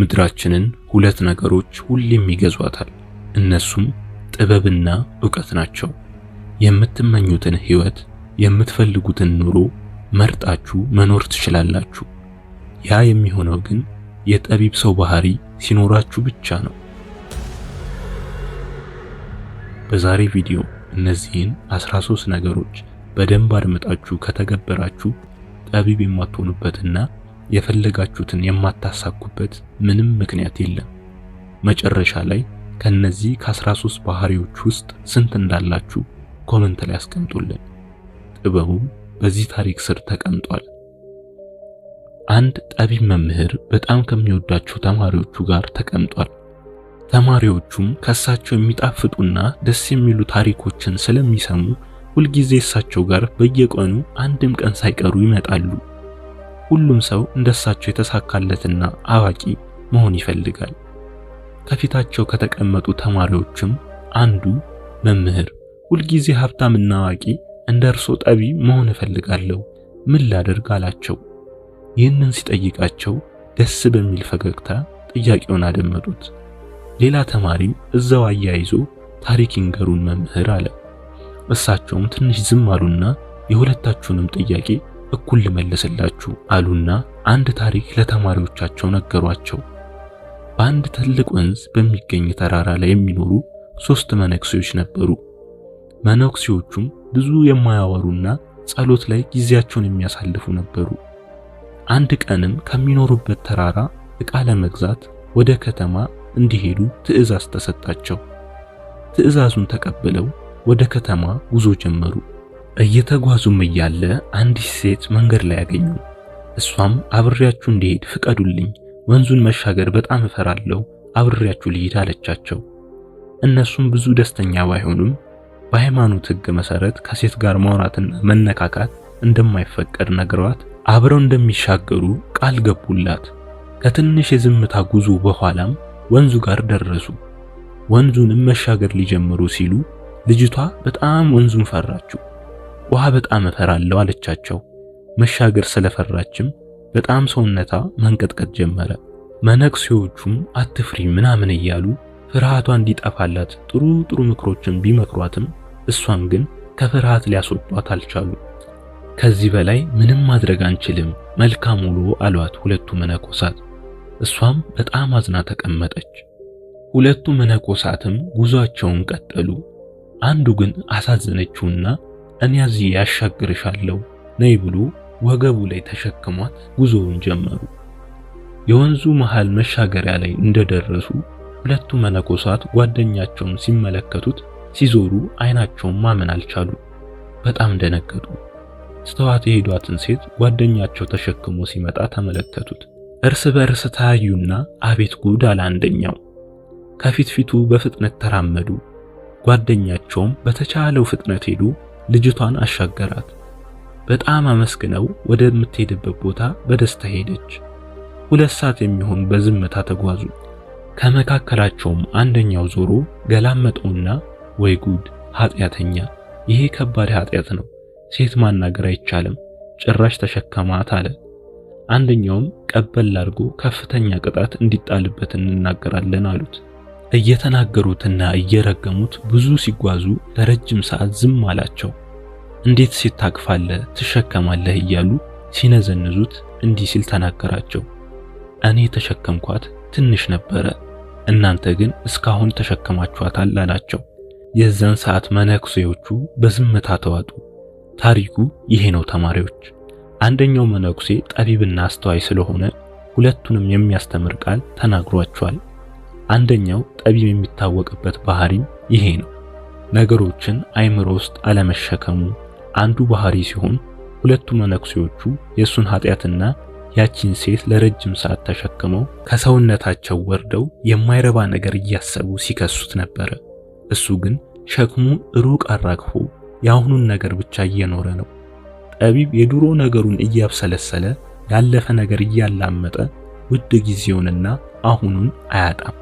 ምድራችንን ሁለት ነገሮች ሁሌም ይገዟታል። እነሱም ጥበብና ዕውቀት ናቸው። የምትመኙትን ህይወት የምትፈልጉትን ኑሮ መርጣችሁ መኖር ትችላላችሁ። ያ የሚሆነው ግን የጠቢብ ሰው ባህሪ ሲኖራችሁ ብቻ ነው። በዛሬ ቪዲዮ እነዚህን 13 ነገሮች በደንብ አድምጣችሁ ከተገበራችሁ ጠቢብ የማትሆኑበትና የፈለጋችሁትን የማታሳኩበት ምንም ምክንያት የለም። መጨረሻ ላይ ከነዚህ ከ13 ባህሪዎች ውስጥ ስንት እንዳላችሁ ኮመንት ላይ አስቀምጡልን። ጥበቡም በዚህ ታሪክ ስር ተቀምጧል። አንድ ጠቢብ መምህር በጣም ከሚወዳቸው ተማሪዎቹ ጋር ተቀምጧል። ተማሪዎቹም ከእሳቸው የሚጣፍጡና ደስ የሚሉ ታሪኮችን ስለሚሰሙ ሁልጊዜ እሳቸው ጋር በየቀኑ አንድም ቀን ሳይቀሩ ይመጣሉ። ሁሉም ሰው እንደሳቸው የተሳካለትና አዋቂ መሆን ይፈልጋል። ከፊታቸው ከተቀመጡ ተማሪዎችም አንዱ መምህር ሁልጊዜ ሀብታምና አዋቂ እንደ እርሶ ጠቢ መሆን እፈልጋለሁ ምን ላደርግ አላቸው። ይህንን ሲጠይቃቸው ደስ በሚል ፈገግታ ጥያቄውን አደመጡት። ሌላ ተማሪም እዛው አያይዞ ታሪክ ይንገሩን መምህር አለ። እሳቸውም ትንሽ ዝም አሉና የሁለታችሁንም ጥያቄ እኩል ልመልስላችሁ አሉና አንድ ታሪክ ለተማሪዎቻቸው ነገሯቸው። በአንድ ትልቅ ወንዝ በሚገኝ ተራራ ላይ የሚኖሩ ሶስት መነኩሴዎች ነበሩ። መነኩሴዎቹም ብዙ የማያወሩና ጸሎት ላይ ጊዜያቸውን የሚያሳልፉ ነበሩ። አንድ ቀንም ከሚኖሩበት ተራራ ዕቃ ለመግዛት ወደ ከተማ እንዲሄዱ ትዕዛዝ ተሰጣቸው። ትዕዛዙን ተቀብለው ወደ ከተማ ጉዞ ጀመሩ። እየተጓዙም እያለ አንዲት ሴት መንገድ ላይ ያገኙ። እሷም አብሬያችሁ እንዲሄድ ፍቀዱልኝ፣ ወንዙን መሻገር በጣም እፈራለሁ፣ አብሬያችሁ ልሂድ አለቻቸው። እነሱም ብዙ ደስተኛ ባይሆኑም በሃይማኖት ሕግ መሰረት ከሴት ጋር ማውራትና መነካካት እንደማይፈቀድ ነግሯት አብረው እንደሚሻገሩ ቃል ገቡላት። ከትንሽ የዝምታ ጉዞ በኋላም ወንዙ ጋር ደረሱ። ወንዙንም መሻገር ሊጀምሩ ሲሉ ልጅቷ በጣም ወንዙን ፈራችው። ውሃ በጣም እፈራለሁ አለቻቸው። መሻገር ስለፈራችም በጣም ሰውነታ መንቀጥቀጥ ጀመረ። መነኩሴዎቹም አትፍሪ ምናምን እያሉ ፍርሃቷ እንዲጠፋላት ጥሩ ጥሩ ምክሮችን ቢመክሯትም እሷን ግን ከፍርሃት ሊያስወጧት አልቻሉ። ከዚህ በላይ ምንም ማድረግ አንችልም፣ መልካም ውሎ አሏት ሁለቱ መነኮሳት። እሷም በጣም አዝና ተቀመጠች። ሁለቱ መነኮሳትም ጉዟቸውን ቀጠሉ። አንዱ ግን አሳዘነችውና እኔ እዚህ ያሻግርሻለሁ ነይ ብሎ ወገቡ ላይ ተሸክሟት ጉዞውን ጀመሩ። የወንዙ መሃል መሻገሪያ ላይ እንደደረሱ ሁለቱ መነኮሳት ጓደኛቸውን ሲመለከቱት ሲዞሩ አይናቸውን ማመን አልቻሉ። በጣም ደነገጡ። ስተዋት የሄዷትን ሴት ጓደኛቸው ተሸክሞ ሲመጣ ተመለከቱት። እርስ በእርስ ተያዩና አቤት ጉድ አለ አንደኛው። ከፊት ፊቱ በፍጥነት ተራመዱ። ጓደኛቸውም በተቻለው ፍጥነት ሄዱ። ልጅቷን አሻገራት። በጣም አመስግነው ወደምትሄድበት ቦታ በደስታ ሄደች። ሁለት ሰዓት የሚሆን በዝምታ ተጓዙ። ከመካከላቸውም አንደኛው ዞሮ ገላመጠውና ወይ ጉድ ኃጢአተኛ፣ ይሄ ከባድ ኃጢአት ነው፣ ሴት ማናገር አይቻልም፣ ጭራሽ ተሸከማት አለ። አንደኛውም ቀበል አድርጎ ከፍተኛ ቅጣት እንዲጣልበት እንናገራለን አሉት። እየተናገሩትና እየረገሙት ብዙ ሲጓዙ ለረጅም ሰዓት ዝም አላቸው። እንዴት ታቅፋለህ ትሸከማለህ እያሉ ሲነዘንዙት እንዲህ ሲል ተናገራቸው። እኔ ተሸከምኳት ትንሽ ነበረ፣ እናንተ ግን እስካሁን ተሸከማችኋታል አላቸው። የዛን ሰዓት መነኩሴዎቹ በዝምታ ተዋጡ። ታሪኩ ይሄ ነው ተማሪዎች። አንደኛው መነኩሴ ጠቢብና አስተዋይ ስለሆነ ሁለቱንም የሚያስተምር ቃል ተናግሯቸዋል። አንደኛው ጠቢብ የሚታወቅበት ባህሪም ይሄ ነው። ነገሮችን አይምሮ ውስጥ አለመሸከሙ አንዱ ባህሪ ሲሆን ሁለቱ መነኩሴዎቹ የሱን ኃጢአትና ያቺን ሴት ለረጅም ሰዓት ተሸክመው ከሰውነታቸው ወርደው የማይረባ ነገር እያሰቡ ሲከሱት ነበረ። እሱ ግን ሸክሙ ሩቅ አራግፎ የአሁኑን ነገር ብቻ እየኖረ ነው። ጠቢብ የድሮ ነገሩን እያብሰለሰለ ያለፈ ነገር እያላመጠ ውድ ጊዜውንና አሁኑን አያጣም።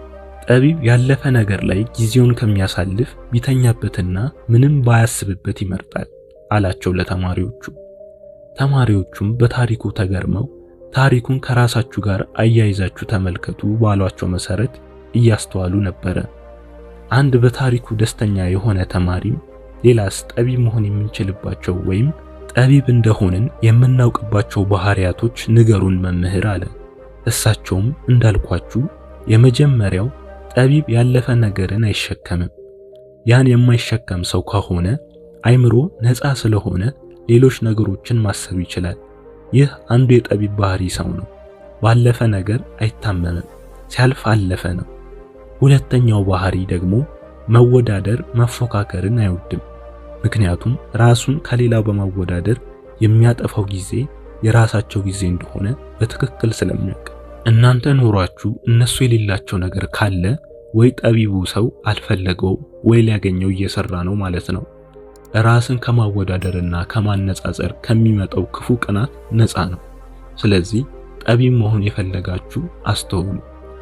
ጠቢብ ያለፈ ነገር ላይ ጊዜውን ከሚያሳልፍ ቢተኛበትና ምንም ባያስብበት ይመርጣል አላቸው ለተማሪዎቹ። ተማሪዎቹም በታሪኩ ተገርመው ታሪኩን ከራሳችሁ ጋር አያይዛችሁ ተመልከቱ ባሏቸው መሰረት እያስተዋሉ ነበረ። አንድ በታሪኩ ደስተኛ የሆነ ተማሪም ሌላስ ጠቢብ መሆን የምንችልባቸው ወይም ጠቢብ እንደሆንን የምናውቅባቸው ባህሪያቶች ንገሩን መምህር አለ። እሳቸውም እንዳልኳችሁ የመጀመሪያው ጠቢብ ያለፈ ነገርን አይሸከምም። ያን የማይሸከም ሰው ከሆነ አይምሮ ነፃ ስለሆነ ሌሎች ነገሮችን ማሰብ ይችላል። ይህ አንዱ የጠቢብ ባህሪ ሰው ነው። ባለፈ ነገር አይታመምም። ሲያልፍ አለፈ ነው። ሁለተኛው ባህሪ ደግሞ መወዳደር፣ መፎካከርን አይወድም። ምክንያቱም ራሱን ከሌላው በመወዳደር የሚያጠፋው ጊዜ የራሳቸው ጊዜ እንደሆነ በትክክል ስለሚያውቅ እናንተ ኖሯችሁ እነሱ የሌላቸው ነገር ካለ ወይ ጠቢቡ ሰው አልፈለገው ወይ ሊያገኘው እየሰራ ነው ማለት ነው። ራስን ከማወዳደርና ከማነጻጸር ከሚመጣው ክፉ ቅናት ነፃ ነው። ስለዚህ ጠቢብ መሆን የፈለጋችሁ አስተውሉ፣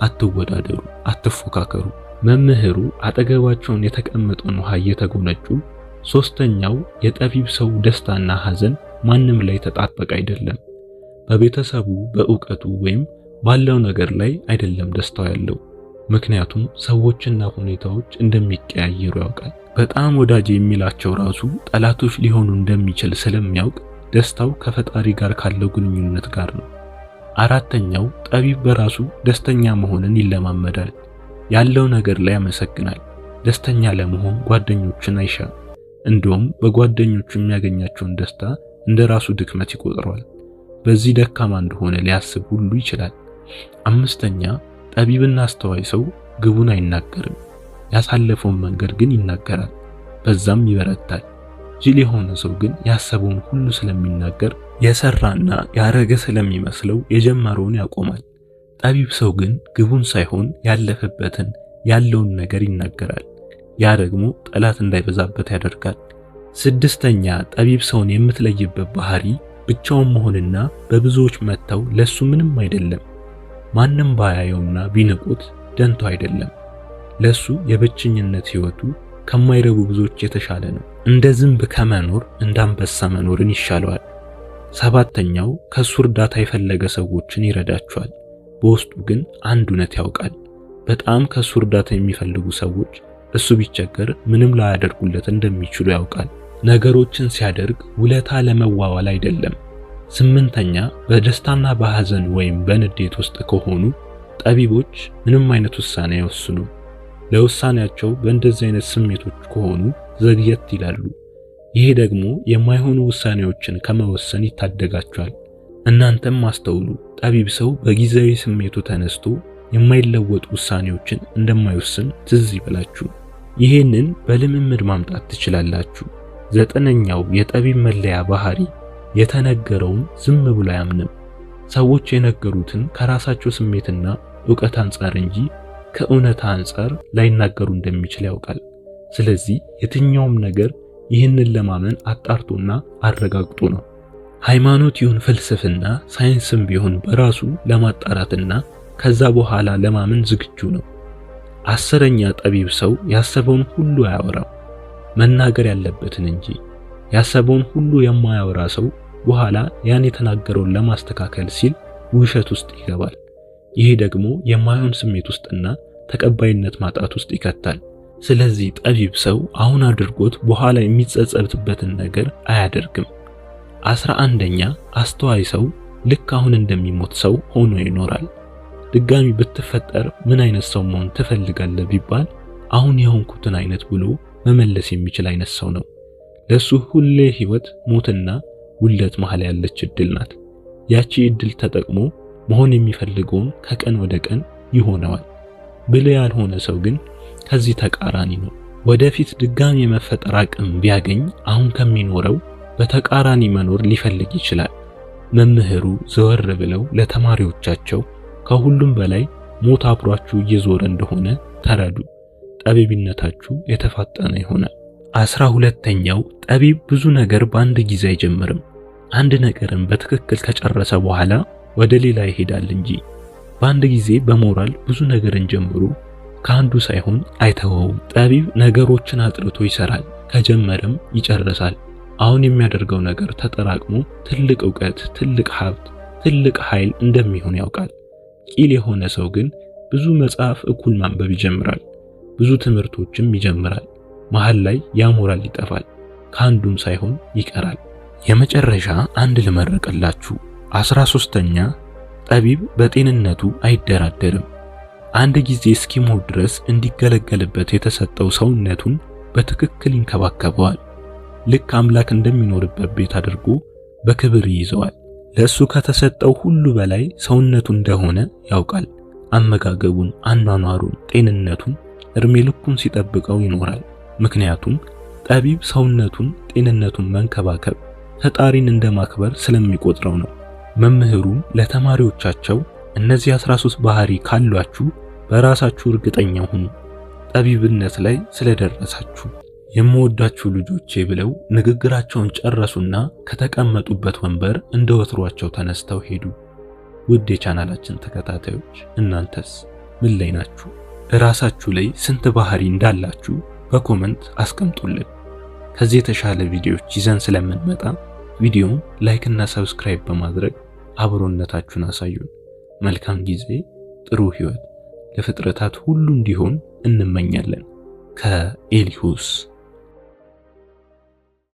አትወዳደሩ፣ አትፎካከሩ። መምህሩ አጠገባቸውን የተቀመጠን ውሃ እየተጎነጩ ሶስተኛው የጠቢብ ሰው ደስታና ሐዘን ማንም ላይ ተጣበቀ አይደለም። በቤተሰቡ በእውቀቱ ወይም ባለው ነገር ላይ አይደለም ደስታው ያለው። ምክንያቱም ሰዎችና ሁኔታዎች እንደሚቀያየሩ ያውቃል። በጣም ወዳጅ የሚላቸው ራሱ ጠላቶች ሊሆኑ እንደሚችል ስለሚያውቅ ደስታው ከፈጣሪ ጋር ካለው ግንኙነት ጋር ነው። አራተኛው ጠቢብ በራሱ ደስተኛ መሆንን ይለማመዳል። ያለው ነገር ላይ ያመሰግናል። ደስተኛ ለመሆን ጓደኞችን አይሻ። እንዲሁም በጓደኞቹ የሚያገኛቸውን ደስታ እንደራሱ ድክመት ይቆጥረዋል። በዚህ ደካማ እንደሆነ ሊያስብ ሁሉ ይችላል። አምስተኛ ጠቢብና አስተዋይ ሰው ግቡን አይናገርም፣ ያሳለፈውን መንገድ ግን ይናገራል፣ በዛም ይበረታል። ጅል የሆነ ሰው ግን ያሰበውን ሁሉ ስለሚናገር የሰራና ያረገ ስለሚመስለው የጀመረውን ያቆማል። ጠቢብ ሰው ግን ግቡን ሳይሆን ያለፈበትን ያለውን ነገር ይናገራል። ያ ደግሞ ጠላት እንዳይበዛበት ያደርጋል። ስድስተኛ ጠቢብ ሰውን የምትለይበት ባህሪ ብቻውን መሆንና በብዙዎች መጥተው ለሱ ምንም አይደለም ማንም ባያየውና ቢንቁት ደንቶ አይደለም። ለሱ የብቸኝነት ህይወቱ ከማይረቡ ብዙዎች የተሻለ ነው። እንደ ዝንብ ከመኖር እንደ መኖርን ይሻለዋል። ሰባተኛው ከሱ እርዳታ የፈለገ ሰዎችን ይረዳቸዋል። በውስጡ ግን አንድ እውነት ያውቃል። በጣም ከሱ እርዳታ የሚፈልጉ ሰዎች እሱ ቢቸገር ምንም ላያደርጉለት እንደሚችሉ ያውቃል። ነገሮችን ሲያደርግ ውለታ ለመዋዋል አይደለም ስምንተኛ በደስታና በሐዘን ወይም በንዴት ውስጥ ከሆኑ ጠቢቦች ምንም አይነት ውሳኔ አይወስኑም። ለውሳኔያቸው በእንደዚህ አይነት ስሜቶች ከሆኑ ዘግየት ይላሉ። ይሄ ደግሞ የማይሆኑ ውሳኔዎችን ከመወሰን ይታደጋቸዋል። እናንተም አስተውሉ፣ ጠቢብ ሰው በጊዜያዊ ስሜቱ ተነስቶ የማይለወጡ ውሳኔዎችን እንደማይወስን ትዝ ይበላችሁ። ይህንን በልምምድ ማምጣት ትችላላችሁ። ዘጠነኛው የጠቢብ መለያ ባህሪ የተነገረውን ዝም ብሎ አያምንም። ሰዎች የነገሩትን ከራሳቸው ስሜትና ዕውቀት አንጻር እንጂ ከእውነታ አንጻር ላይናገሩ እንደሚችል ያውቃል። ስለዚህ የትኛውም ነገር ይህንን ለማመን አጣርቶና አረጋግጦ ነው። ሃይማኖት ይሁን ፍልስፍና፣ ሳይንስም ቢሆን በራሱ ለማጣራትና ከዛ በኋላ ለማመን ዝግጁ ነው። አስረኛ ጠቢብ ሰው ያሰበውን ሁሉ አያወራም፣ መናገር ያለበትን እንጂ ያሰበውን ሁሉ የማያወራ ሰው በኋላ ያን የተናገረውን ለማስተካከል ሲል ውሸት ውስጥ ይገባል። ይሄ ደግሞ የማይሆን ስሜት ውስጥና ተቀባይነት ማጣት ውስጥ ይከታል። ስለዚህ ጠቢብ ሰው አሁን አድርጎት በኋላ የሚጸጸትበትን ነገር አያደርግም። አስራ አንደኛ አስተዋይ ሰው ልክ አሁን እንደሚሞት ሰው ሆኖ ይኖራል። ድጋሚ ብትፈጠር ምን አይነት ሰው መሆን ትፈልጋለህ ቢባል አሁን የሆንኩትን አይነት ብሎ መመለስ የሚችል አይነት ሰው ነው። ለሱ ሁሌ ህይወት ሞትና ውለት መሃል ያለች እድል ናት። ያቺ እድል ተጠቅሞ መሆን የሚፈልገውን ከቀን ወደ ቀን ይሆነዋል። ብልህ ያልሆነ ሰው ግን ከዚህ ተቃራኒ ነው። ወደፊት ድጋሚ የመፈጠር አቅም ቢያገኝ አሁን ከሚኖረው በተቃራኒ መኖር ሊፈልግ ይችላል። መምህሩ ዘወር ብለው ለተማሪዎቻቸው ከሁሉም በላይ ሞት አብሯችሁ እየዞረ እንደሆነ ተረዱ። ጠቢብነታችሁ የተፋጠነ ይሆናል። አስራ ሁለተኛው ጠቢብ ብዙ ነገር በአንድ ጊዜ አይጀምርም። አንድ ነገርን በትክክል ከጨረሰ በኋላ ወደ ሌላ ይሄዳል እንጂ በአንድ ጊዜ በሞራል ብዙ ነገርን ጀምሩ ከአንዱ ሳይሆን አይተወውም። ጠቢብ ነገሮችን አጥርቶ ይሰራል፣ ከጀመረም ይጨርሳል። አሁን የሚያደርገው ነገር ተጠራቅሞ ትልቅ ዕውቀት፣ ትልቅ ሀብት፣ ትልቅ ኃይል እንደሚሆን ያውቃል። ቂል የሆነ ሰው ግን ብዙ መጽሐፍ እኩል ማንበብ ይጀምራል፣ ብዙ ትምህርቶችም ይጀምራል መሃል ላይ ያሞራል ይጠፋል፣ ከአንዱም ሳይሆን ይቀራል። የመጨረሻ አንድ ልመረቅላችሁ። አስራ ሶስተኛ ጠቢብ በጤንነቱ አይደራደርም። አንድ ጊዜ እስኪሞት ድረስ እንዲገለገልበት የተሰጠው ሰውነቱን በትክክል ይንከባከበዋል። ልክ አምላክ እንደሚኖርበት ቤት አድርጎ በክብር ይይዘዋል። ለሱ ከተሰጠው ሁሉ በላይ ሰውነቱ እንደሆነ ያውቃል። አመጋገቡን፣ አኗኗሩን፣ ጤንነቱን እድሜ ልኩን ሲጠብቀው ይኖራል። ምክንያቱም ጠቢብ ሰውነቱን ጤንነቱን መንከባከብ ፈጣሪን እንደማክበር ስለሚቆጥረው ነው። መምህሩም ለተማሪዎቻቸው እነዚህ 13 ባህሪ ካሏችሁ በራሳችሁ እርግጠኛ ሁኑ፣ ጠቢብነት ላይ ስለደረሳችሁ የምወዳችሁ ልጆቼ ብለው ንግግራቸውን ጨረሱና ከተቀመጡበት ወንበር እንደ ወትሯቸው ተነስተው ሄዱ። ውድ የቻናላችን ተከታታዮች እናንተስ ምን ላይ ናችሁ? ራሳችሁ ላይ ስንት ባህሪ እንዳላችሁ በኮመንት አስቀምጡልን። ከዚህ የተሻለ ቪዲዮዎች ይዘን ስለምንመጣ ቪዲዮውን ላይክ እና ሰብስክራይብ በማድረግ አብሮነታችሁን አሳዩን። መልካም ጊዜ፣ ጥሩ ህይወት ለፍጥረታት ሁሉ እንዲሆን እንመኛለን። ከኤሊሁስ